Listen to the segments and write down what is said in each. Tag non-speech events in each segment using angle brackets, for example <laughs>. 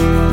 Thank you.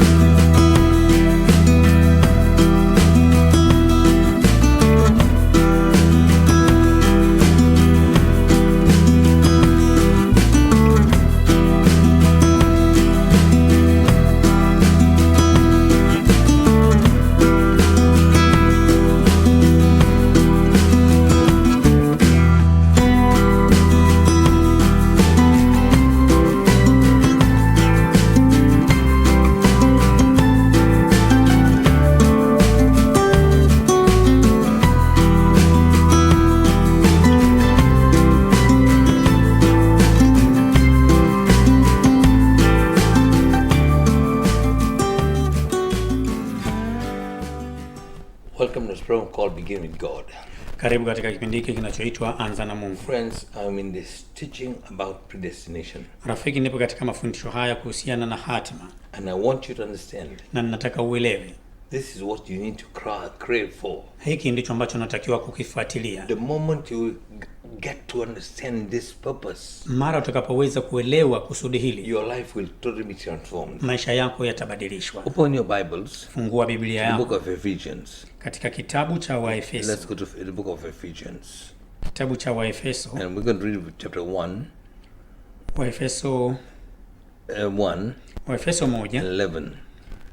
program called Begin with God. Karibu katika kipindi hiki kinachoitwa Anza na Mungu. Friends, I'm in this teaching about predestination. Rafiki, nipo katika mafundisho haya kuhusiana na hatima. And I want you to understand. Na nataka uelewe. This is what you need to cry, crave for. Hiki ndicho ambacho natakiwa kukifuatilia. The moment you get to understand this purpose, mara utakapoweza kuelewa kusudi hili, your life will totally be transformed. Maisha yako yatabadilishwa. Open your Bibles. Fungua Biblia yako. Book of Ephesians katika kitabu cha Waefeso. Let's go to the book of Ephesians. Kitabu cha Waefeso. And we're going to read chapter 1. Waefeso 1. Uh, Waefeso 1. 11.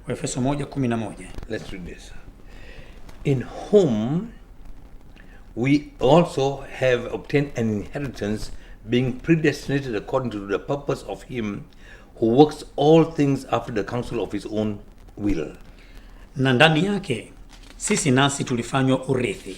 Waefeso 1:11. Let's read this. In whom we also have obtained an inheritance being predestinated according to the purpose of him who works all things after the counsel of his own will. Na ndani yake sisi nasi tulifanywa urithi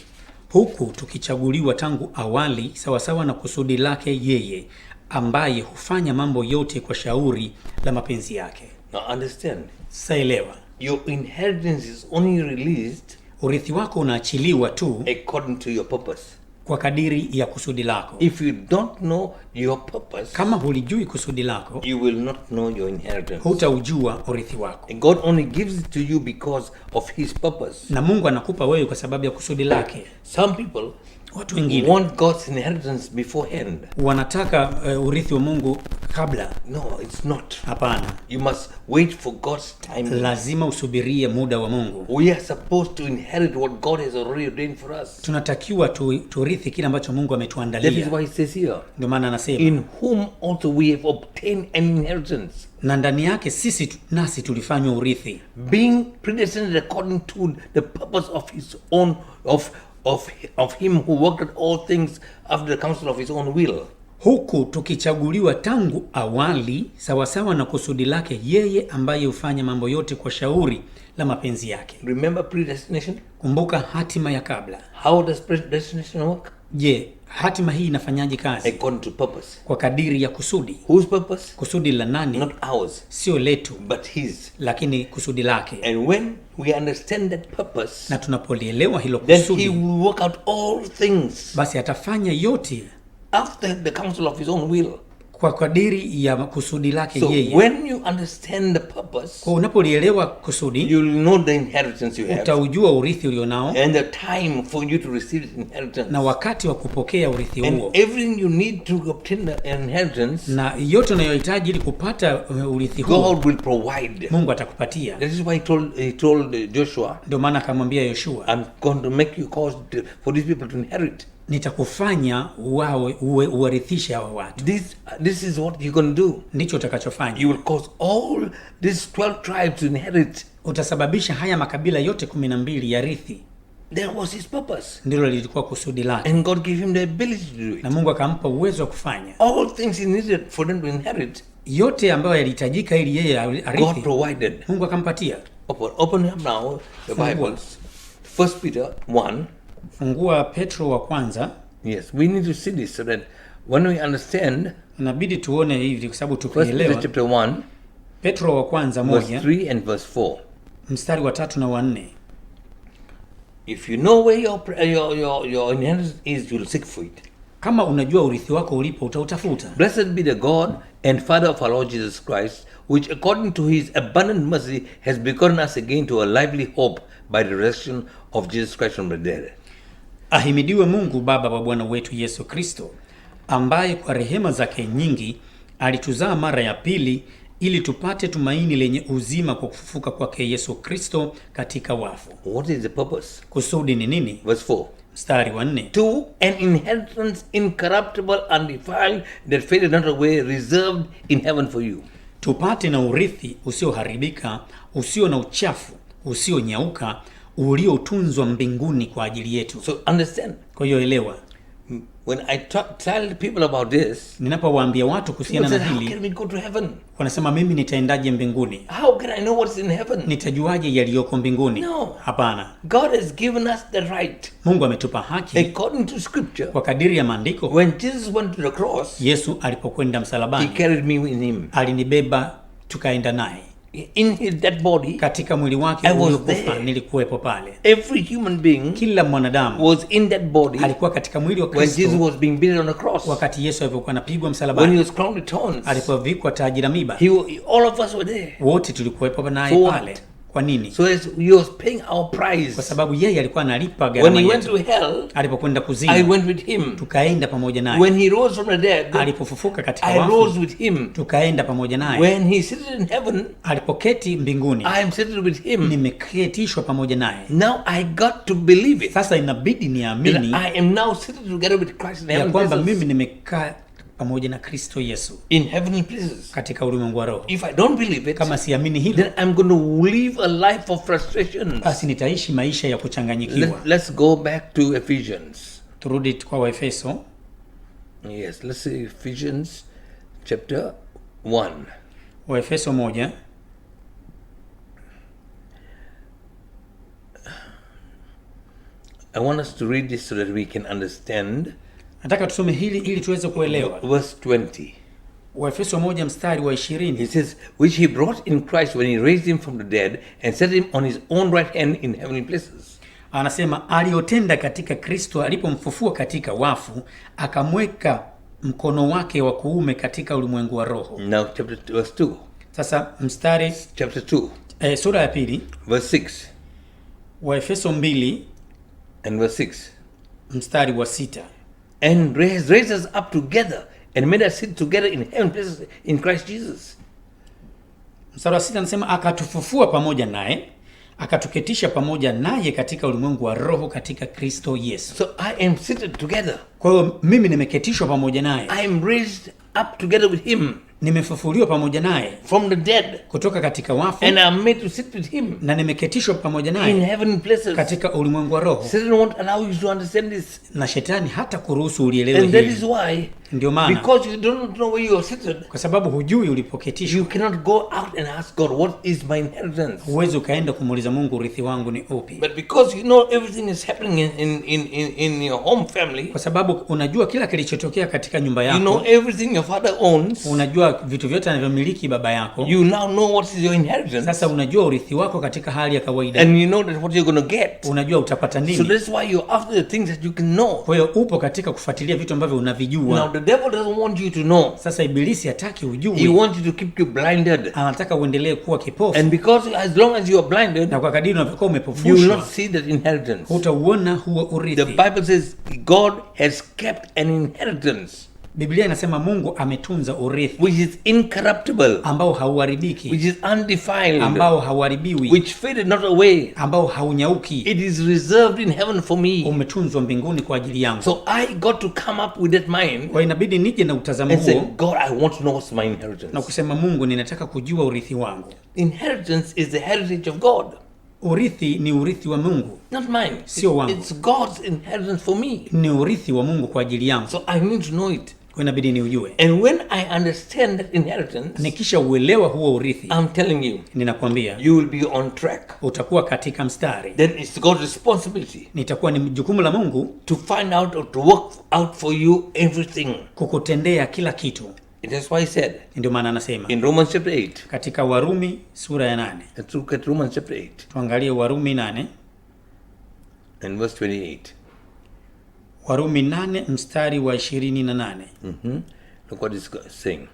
huku tukichaguliwa tangu awali sawasawa na kusudi lake yeye ambaye hufanya mambo yote kwa shauri la mapenzi yake. understand. Saelewa. Your inheritance is only released. Urithi wako unaachiliwa tu according to your purpose kwa kadiri ya kusudi lako. If you don't know your purpose, kama hulijui kusudi lako, you will not know your inheritance, hutaujua urithi wako. And God only gives it to you because of his purpose, na Mungu anakupa wewe kwa sababu ya kusudi lake. Some people watu wengine want God's inheritance beforehand. Wanataka uh, urithi wa Mungu kabla. No, it's not. Hapana. You must wait for God's time. Lazima usubirie muda wa Mungu. We are supposed to inherit what God has already ordained for us. Tunatakiwa tu, turithi kile ambacho Mungu ametuandalia. That is why it says here. Ndio maana anasema. In whom also we have obtained an inheritance na ndani yake sisi nasi tulifanywa urithi being predestined according to the purpose of his own of of, of him who worked all things after the counsel of his own will, huku tukichaguliwa tangu awali sawasawa na kusudi lake yeye ambaye hufanya mambo yote kwa shauri la mapenzi yake. Remember predestination? Kumbuka hatima ya kabla. How does predestination work? Je, hatima hii inafanyaje kazi? According to purpose. Kwa kadiri ya kusudi. Whose purpose? Kusudi la nani? Not ours. Sio letu. But his. Lakini kusudi lake. And when we understand that purpose, na tunapolielewa hilo kusudi, then he will work out all things. Basi atafanya yote after the counsel of his own will kwa kadiri ya kusudi lake so yeye. When you understand the purpose, kwa unapolielewa kusudi, you will know the inheritance you have, utaujua urithi ulionao, and the time for you to receive the inheritance, na wakati wa kupokea urithi huo, and everything you need to obtain the inheritance, na yote unayohitaji ili kupata uh, urithi huo, God will provide, Mungu atakupatia. That is why he told, he told Joshua, ndio maana akamwambia Yoshua, I'm going to make you cause for these people to inherit nitakufanya wawe uwe uwarithishe hawa watu. This, this is what you can do. Ndicho utakachofanya. You will cause all these 12 tribes to inherit. Utasababisha haya makabila yote 12 na mbili yarithi. That was his purpose. Ndilo lilikuwa kusudi lake. And God gave him the ability to do it. Na Mungu akampa uwezo wa kufanya. All things he needed for them to inherit. Yote ambayo yalihitajika ili yeye arithi. God provided. Mungu akampatia. Open, open up now the bible First Peter 1 Fungua Petro wa kwanza. Yes, we need to see this so that when we understand, inabidi tuone hivi kwa sababu tukielewa. Chapter 1 Petro wa kwanza moja, verse 3 and verse 4. Mstari wa tatu na wa nne. If you know where your uh, your your, your inheritance is you'll seek for it. Kama unajua urithi wako ulipo utautafuta. Blessed be the God and Father of our Lord Jesus Christ which according to his abundant mercy has begotten us again to a lively hope by the resurrection of Jesus Christ from the dead. Ahimidiwe Mungu Baba wa Bwana wetu Yesu Kristo, ambaye kwa rehema zake nyingi alituzaa mara ya pili ili tupate tumaini lenye uzima kwa kufufuka kwake Yesu Kristo katika wafu. What is the purpose? Kusudi ni nini? Verse 4. Mstari wa nne. To an inheritance incorruptible and defiled that fadeth not away reserved in heaven for you. Tupate na urithi usioharibika, usio na uchafu, usio nyauka, uliotunzwa mbinguni kwa ajili yetu. So understand. Kwa hiyo elewa. Mm, when I talk, tell people about this, ninapowaambia watu kuhusiana na hili, Wanasema mimi nitaendaje mbinguni? How can I know what's in heaven? Nitajuaje yaliyoko mbinguni? No. Hapana. God has given us the right. Mungu ametupa haki. According to scripture. Kwa kadiri ya maandiko. When Jesus went to the cross, Yesu alipokwenda msalabani, he carried me with him. Alinibeba tukaenda naye in his dead body, katika mwili wake uliokufa nilikuwepo pale. Every human being, kila mwanadamu was in that body, alikuwa katika mwili wa when Jesus was being beaten on the cross, wakati Yesu alipokuwa anapigwa msalabani, when he was crowned with thorns, alipovikwa taji la all of us were there, wote tulikuwepo naye pale. Kwa nini? So he was paying our price. Kwa sababu yeye alikuwa analipa gharama yetu. When he went to hell, alipokwenda kuzimu, I went with him. Tukaenda pamoja naye. When he rose from the dead, alipofufuka katika wafu, I rose with him. Tukaenda pamoja naye. When he seated in heaven, alipoketi mbinguni, I am seated with him. Nimeketishwa pamoja naye. Now I got to believe it. Sasa inabidi niamini. I am now seated together with Christ in heaven. Ya kwamba mimi nimekaa pamoja na Kristo Yesu in heavenly places, katika ulimwengu wa roho. If I don't believe it, kama siamini hilo, then I'm going to live a life of frustration, basi nitaishi maisha ya kuchanganyikiwa. Let, let's go back to Ephesians, turudi kwa Waefeso. Yes, let's see Ephesians chapter 1, Waefeso moja. I want us to read this so that we can understand Nataka tusome hili ili tuweze kuelewa. Verse 20. Waefeso moja mstari wa 20. He says which he brought in Christ when he raised him from the dead and set him on his own right hand in heavenly places. Anasema aliyotenda katika Kristo alipomfufua katika wafu akamweka mkono wake wa kuume katika ulimwengu wa roho. Now chapter 2, verse 2. Sasa mstari chapter 2. Eh, sura ya pili. Verse 6. Waefeso 2 and verse 6. Mstari wa sita and raised, raised us up together and made us sit together in heaven places in Christ Jesus. Mstari wa sita anasema akatufufua pamoja naye akatuketisha pamoja naye katika ulimwengu wa roho katika Kristo Yesu. So I am seated together. Kwa hiyo mimi nimeketishwa pamoja naye. I am raised up together with him nimefufuliwa pamoja naye from the dead, kutoka katika wafu, and made to sit with him, na nimeketishwa pamoja naye in heavenly places, katika ulimwengu wa roho. Satan won't allow you to understand this, na shetani hata kuruhusu ulielewe hili. And that is why ndio maana because you don't know where you are seated, kwa sababu hujui ulipoketishwa. You cannot go out and ask God what is my inheritance. Huwezi ukaenda kumuuliza Mungu urithi wangu ni upi, but because you know everything is happening in in in in your home family, kwa sababu unajua kila kilichotokea katika nyumba yako. You know everything your father owns, unajua vitu vyote anavyomiliki baba yako. You now know what is your inheritance. Sasa unajua urithi wako katika hali ya kawaida, and you know that what you're going to get, unajua utapata nini. So that's why you after the things that you can know. Kwa hiyo upo katika kufuatilia vitu ambavyo unavijua. Now, devil doesn't want you to know. Sasa ibilisi hataki ujue. He wants you to keep you blinded. Anataka uendelee kuwa kipofu. And because as long as you are blinded, na kwa kadiri unavyokuwa umepofushwa, you will not see that inheritance. Hutauona huo urithi. The Bible says God has kept an inheritance. Biblia inasema Mungu ametunza urithi which is incorruptible, ambao hauharibiki, which is undefiled, ambao hauharibiwi, which faded not away, ambao haunyauki. It is reserved in heaven for me, umetunzwa mbinguni kwa ajili yangu. So I got to come up with that mind, kwa inabidi nije na utazamo huo, God I want to know what's my inheritance, na kusema Mungu, ninataka kujua urithi wangu. Inheritance is the heritage of God. Urithi ni urithi wa Mungu. Not mine. Sio wangu. It's God's inheritance for me. Ni urithi wa Mungu kwa ajili yangu. So I need to know it inabidi ni ujue. And when I understand that inheritance, nikisha uelewa huo urithi, I'm telling you, ninakwambia you will be on track, utakuwa katika mstari. Then it's God's responsibility, nitakuwa ni jukumu la Mungu to find out or to work out for you everything, kukutendea kila kitu. That's why he said. Ndio maana anasema in Romans chapter 8, katika Warumi sura ya 8, at Romans chapter 8, tuangalie Warumi 8 and verse 28. Warumi nane mstari wa ishirini na nane. Mm -hmm. Look what it's saying.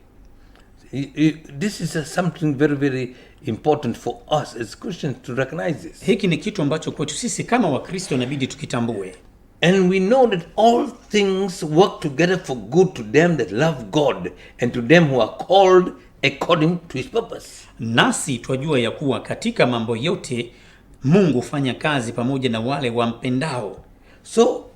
This is something very very important for us as Christians to recognize this. Hiki ni kitu ambacho kwetu sisi kama Wakristo inabidi tukitambue. And we know that all things work together for good to them that love God and to them who are called according to his purpose. Nasi twajua ya kuwa katika mambo yote Mungu hufanya kazi pamoja na wale wampendao. So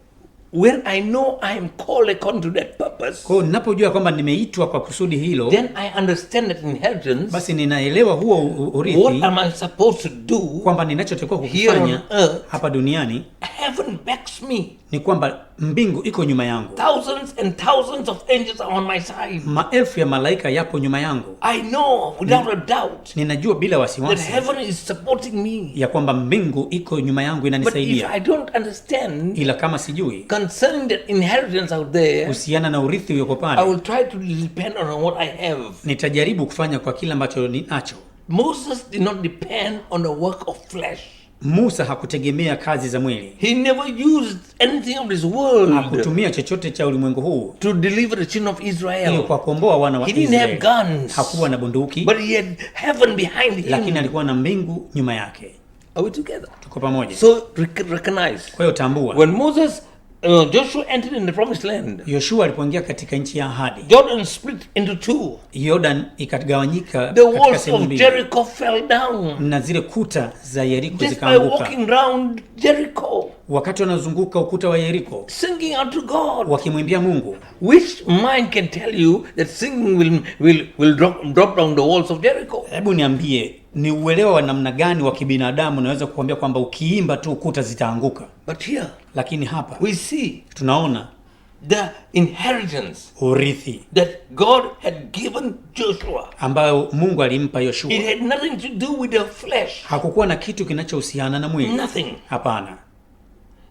When I know I am called according to that purpose. Kwa ninapojua kwamba nimeitwa kwa kusudi hilo. Then I understand that inheritance. Basi ninaelewa huo urithi. What am I supposed to do? Kwamba ninachotakiwa kukifanya hapa duniani. <laughs> heaven backs me, ni kwamba mbingu iko nyuma yangu. Thousands and thousands of angels are on my side. Maelfu ya malaika yapo nyuma yangu. I know without a doubt, ninajua bila wasiwasi that heaven is supporting me, ya kwamba mbingu iko nyuma yangu inanisaidia. But if I don't understand, ila kama sijui concerning the inheritance out there, kuhusiana na urithi ulioko pale, I will try to depend on what I have, nitajaribu kufanya kwa kila ambacho ninacho. Moses did not depend on the work of flesh Musa hakutegemea kazi za mwili. He never used anything of this world. Hakutumia chochote cha ulimwengu huu to deliver the children of Israel. Ili kuwakomboa wana wa Israeli. He didn't have guns. Hakuwa na bunduki. But he had heaven behind him. Lakini alikuwa na mbingu nyuma yake. Are we together? Tuko pamoja. So recognize. Kwa hiyo tambua. When Moses Uh, Joshua entered in the promised land. Joshua alipoingia katika nchi ya ahadi. Jordan split into two. Jordan ikagawanyika The walls of Jericho fell down. Na zile kuta za Yeriko zikaanguka. Just by walking round Jericho. Wakati wanazunguka ukuta wa Yeriko. Singing unto God. Wakimwimbia Mungu. Which mind can tell you that singing will will will drop, drop down the walls of Jericho? Hebu niambie ni uelewa wa namna gani wa kibinadamu unaweza kukwambia kwamba ukiimba tu kuta zitaanguka. But here, lakini hapa we see, tunaona the inheritance, urithi that God had given Joshua, ambayo Mungu alimpa Yoshua. It had nothing to do with the flesh, hakukuwa na kitu kinachohusiana na mwili. Nothing, hapana.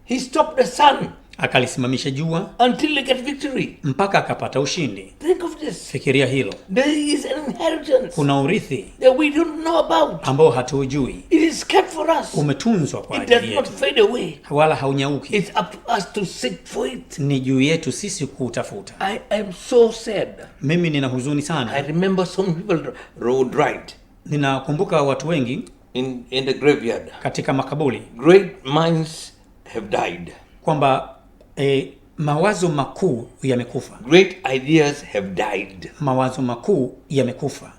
He stopped the sun akalisimamisha jua until they get victory, mpaka akapata ushindi. Think of this, fikiria hilo. There is an inheritance, kuna urithi that we don't know about, ambao hatuujui. It is kept for us, umetunzwa kwa ajili yetu, wala haunyauki. It's up to us to seek for it, ni juu yetu sisi kuutafuta. I am so sad, mimi nina huzuni sana. I remember some people rode right, ninakumbuka watu wengi in, in the graveyard, katika makaburi. Great minds have died, kwamba E, mawazo makuu yamekufa. Great ideas have died. Mawazo makuu yamekufa.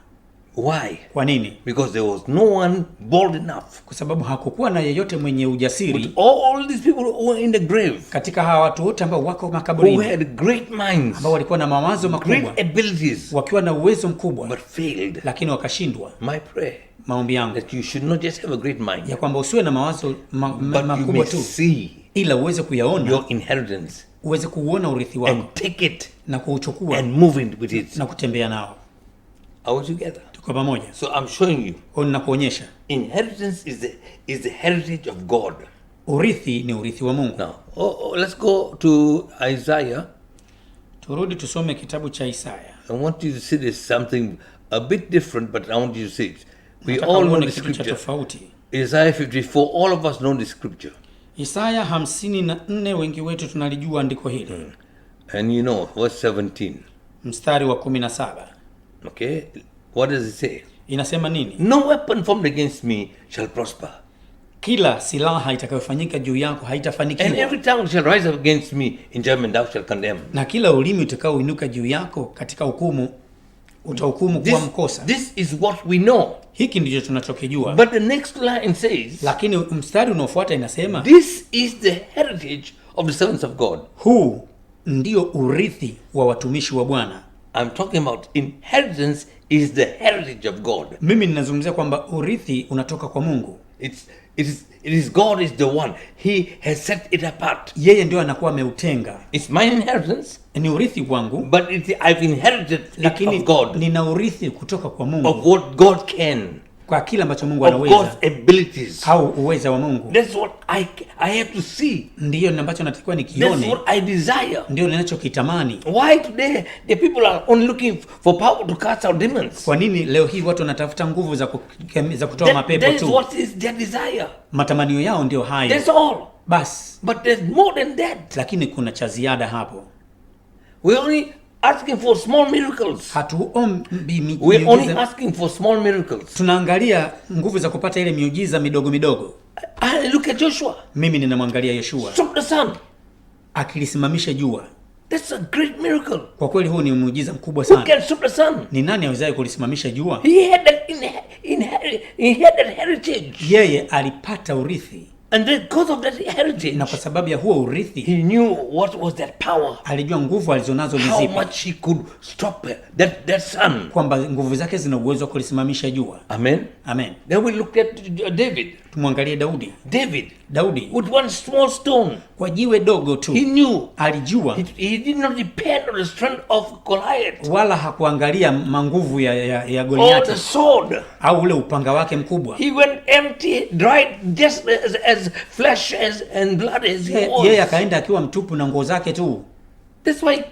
Why? Kwa nini? Because there was no one bold enough. Kwa sababu hakukuwa na yeyote mwenye ujasiri. But all these people who were in the grave. Katika hawa watu wote ambao wako makaburini. Who had great minds. Ambao walikuwa na mawazo makubwa. Great abilities. Wakiwa na uwezo mkubwa. But failed. Lakini wakashindwa. My prayer. Maombi yangu. That you should not just have a great mind. Ya kwamba usiwe na mawazo ma, ma, makubwa tu. See ila uweze kuyaona your inheritance, uweze kuona urithi wako and take it na kuuchukua and move in with it na kutembea nao. Are together? Tuko pamoja. So I'm showing you, au ninakuonyesha, inheritance is the, is the heritage of God. Urithi ni urithi wa Mungu. Now, oh, oh, let's go to Isaiah. Turudi tusome kitabu cha Isaya. I want you to see this something a bit different but I want you to see it. We all know the scripture. Tofauti. Isaiah 54, all of us know the scripture. Isaya 54 wengi wetu tunalijua andiko hili. And you know verse 17. Mstari wa 17. Okay? What does it say? Inasema nini? No weapon formed against me shall prosper. Kila silaha itakayofanyika juu yako haitafanikiwa. And every tongue shall rise up against me in judgment thou shall condemn. Na kila ulimi utakaoinuka juu yako katika hukumu utahukumu kuwa mkosa. This is what we know. Hiki ndicho tunachokijua. But the next line says, lakini mstari unaofuata inasema, this is the heritage of the servants of God. Huu ndio urithi wa watumishi wa Bwana. I'm talking about inheritance is the heritage of God. Mimi ninazungumzia kwamba urithi unatoka kwa Mungu. It's, it is, it is God is the one. He has set it apart. Yeye ndio anakuwa ameutenga. It's my inheritance ni urithi wangu, but it, I've inherited lakini of God, nina urithi kutoka kwa Mungu of what God can kwa kila ambacho Mungu anaweza au uweza wa Mungu. That's what I, I have to see. Ndiyo ambacho natakiwa nikione. That's what I desire. Ndiyo ninachokitamani. Why today the people are only looking for power to cast out demons? Kwa nini leo hii watu wanatafuta nguvu za, za kutoa mapepo tu? That what is their desire. Matamanio yao ndio hayo. That's all. Bas. But there's more than that. Lakini kuna cha ziada hapo. We only asking for small miracles. Hatuombi miujiza. We only asking for small miracles. Tunaangalia nguvu za kupata ile miujiza midogo midogo. I look at Joshua. Mimi ninamwangalia Yoshua. Stop the sun. Akilisimamisha jua. That's a great miracle. Kwa kweli huu ni muujiza mkubwa sana. Who can stop the sun? Ni nani awezaye kulisimamisha jua? He had that in, in, he had that heritage. Yeye alipata urithi. And then because of that heritage, na kwa sababu ya huo urithi, he knew what was that power, alijua nguvu alizonazo ni zipi, how much he could stop that that sun, kwamba nguvu zake zina uwezo wa kulisimamisha jua. Amen, amen. Then we looked at David, tumwangalie Daudi, David, Daudi, with one small stone kwa jiwe dogo tu. He knew. Alijua. He, he did not depend on the strength of Goliath. Wala hakuangalia manguvu ya, ya, ya Goliath. Or the sword. Au ule upanga wake mkubwa. He went empty, dried just as, as flesh as, and blood as he was. Yeye akaenda akiwa mtupu na nguo zake tu. That's why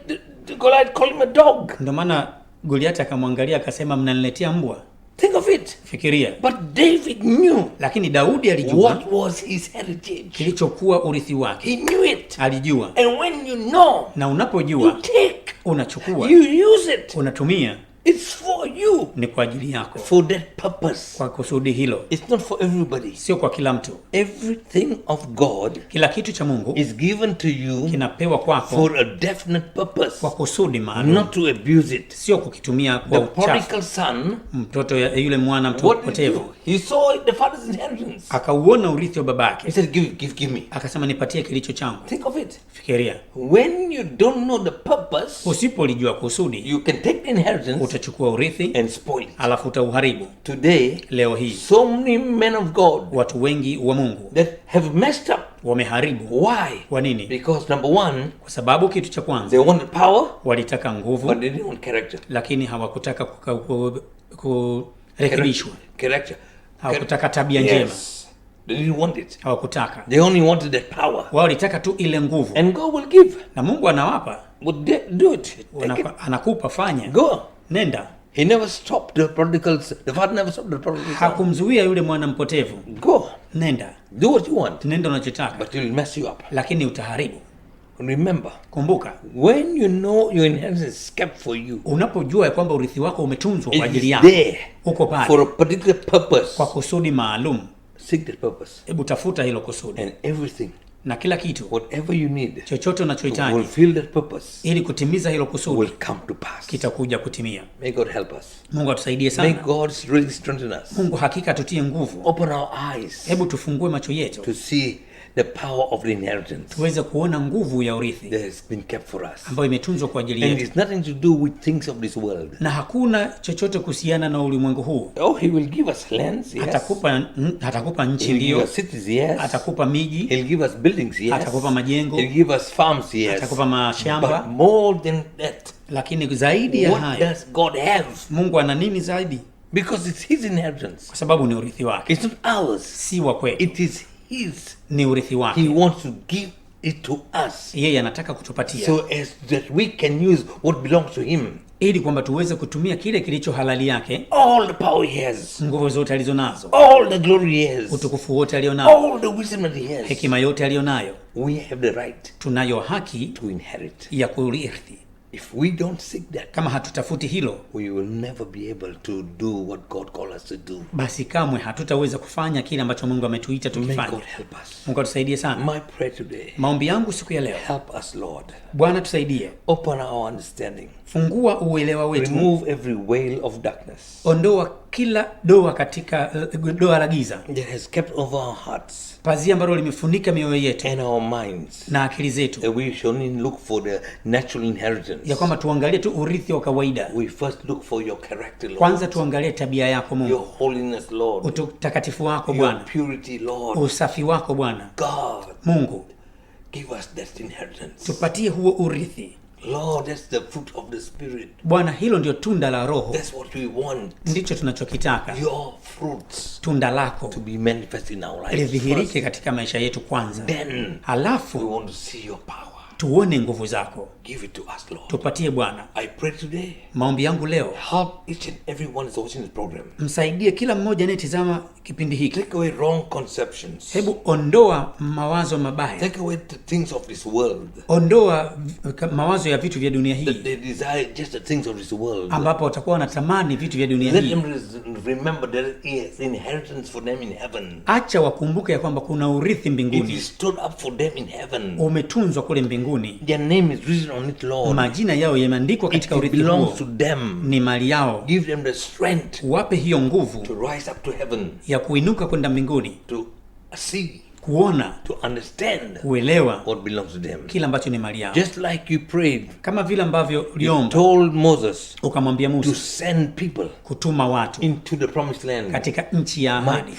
Goliath called him a dog. Ndio maana Goliath akamwangalia akasema, mnaniletea mbwa. Think of it. Fikiria. But David knew. Lakini Daudi alijua. What was his heritage? Kilichokuwa urithi wake. He knew it. Alijua. And when you know, na unapojua, you take. Unachukua. You use it. Unatumia. It's for you. Ni kwa ajili yako. For that purpose. Kwa kusudi hilo. It's not for everybody. Sio kwa kila mtu. Everything of God. Kila kitu cha Mungu is given to you. Kinapewa kwako. For a definite purpose. Kwa kusudi maalum. Not to abuse it. Sio kukitumia kwa uchafu. The prodigal son. Mtoto ya yule mwana potevu. He saw the father's inheritance. Akauona urithi wa babake. He said give give give me. Akasema nipatie kilicho changu. Think of it. Fikiria. When you don't know the purpose. Usipolijua kusudi. You can take the inheritance utachukua urithi and spoil Alafu utauharibu. Today, leo hii so many men of God, watu wengi wa Mungu that have messed up, wameharibu. Why? Kwa nini? Because number one, kwa sababu kitu cha kwanza they wanted power, walitaka nguvu, but they didn't want character, lakini hawakutaka kurekebishwa, hawakutaka tabia yes. njema They didn't want it. Hawakutaka. They only wanted power. Wao walitaka tu ile nguvu. And God will give. Na Mungu anawapa. Would do it. Anakupa fanya. Go nenda. He never stopped the prodigals. The father never stopped the prodigals. Hakumzuia yule mwana mpotevu. Go. Nenda. Do what you want. Nenda unachotaka. But you'll mess you up. Lakini utaharibu. Remember. Kumbuka. When you know your inheritance is kept for you. Unapojua kwamba urithi wako umetunzwa kwa ajili yako. Uko pale. For a particular purpose. Kwa kusudi maalum. Seek the purpose. Hebu tafuta hilo kusudi. And everything na kila kitu whatever you need, chochote unachohitaji fulfill that purpose, ili kutimiza hilo kusudi will come to pass, kitakuja kutimia. May God help us, Mungu atusaidie sana. May God really strengthen us, Mungu hakika tutie nguvu. Open our eyes, hebu tufungue macho yetu to see the power of the inheritance tuweze kuona nguvu ya urithi that has been kept for us ambayo imetunzwa kwa ajili yetu and it's nothing to do with things of this world na hakuna chochote kuhusiana na ulimwengu huu oh he will give us lands yes atakupa atakupa nchi ndio cities yes atakupa miji he will give us buildings yes atakupa majengo he will give us farms yes atakupa mashamba but more than that lakini zaidi ya hayo what does god have Mungu ana nini zaidi because it's his inheritance kwa sababu ni urithi wake it's not ours si wa kwetu it is his, ni urithi wake. He wants to give it to us, yeye anataka kutupatia, so as that we can use what belongs to him, ili kwamba tuweze kutumia kile kilicho halali yake. All the power he has, nguvu zote alizo nazo. All the glory he has, utukufu wote alio nao. All the wisdom that he has, hekima yote alionayo We have the right, tunayo haki to inherit, ya kurithi If we don't seek that, kama hatutafuti hilo, we will never be able to do what God called us to do. Basi kamwe hatutaweza kufanya kile ambacho Mungu ametuita tukifanye. God help us. Mungu atusaidie sana. My prayer today, maombi yangu siku ya leo, help us Lord, Bwana tusaidie. Open our understanding, fungua uelewa wetu. Remove every veil of darkness, ondoa kila doa katika uh, doa la giza pazia ambalo limefunika mioyo yetu na akili zetu, ya kwamba tuangalie tu urithi wa kawaida. Kwanza tuangalie tabia yako Mungu, utakatifu wako Bwana, usafi wako Bwana Mungu, tupatie huo urithi Lord, that's the fruit of the Spirit. Bwana, hilo ndio tunda la Roho. That's what we want. Ndicho tunachokitaka. Your fruits. Tunda lako. To be manifest in our lives. Lidhihirike katika maisha yetu kwanza. Then, halafu we want to see your power tuone nguvu zako. Give it to us, Lord. Tupatie Bwana. I pray today. Maombi yangu leo. Help each and every one is watching this program. Msaidie kila mmoja anayetazama kipindi hiki. Take away wrong conceptions. Hebu ondoa mawazo mabaya. Take away the things of this world. Ondoa mawazo ya vitu vya dunia hii. They desire just the things of this world. Ambapo watakuwa wanatamani vitu vya dunia hii. Let them remember there is inheritance for them in heaven. Acha wakumbuke ya kwamba kuna urithi mbinguni. It is stored up for them in heaven. Umetunzwa kule mbinguni mbinguni. Their name is written on it, Lord. Majina yao yameandikwa katika urithi huo, ni mali yao. Give them the strength, wape hiyo nguvu to rise up to heaven, ya kuinuka kwenda mbinguni, to see kuona to understand kuelewa what belongs to them, kila ambacho ni mali yao. Just like you prayed, kama vile ambavyo uliomba, told Moses, ukamwambia Musa to send people, kutuma watu into the promised land, katika nchi ya ahadi.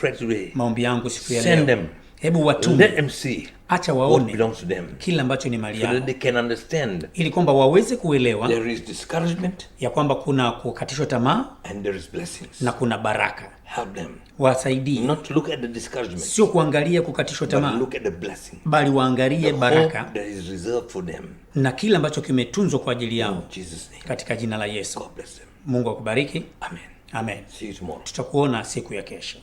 Maombi yangu siku ya leo, send them, hebu watume, let them see Acha waone kile ambacho ni mali yao, ili kwamba waweze kuelewa ya kwamba kuna kukatishwa tamaa na kuna baraka. Wasaidie, sio kuangalia kukatishwa tamaa, bali waangalie baraka na kile ambacho kimetunzwa kwa ajili yao, katika jina la Yesu. Mungu akubariki. Amen. Amen. Tutakuona siku ya kesho.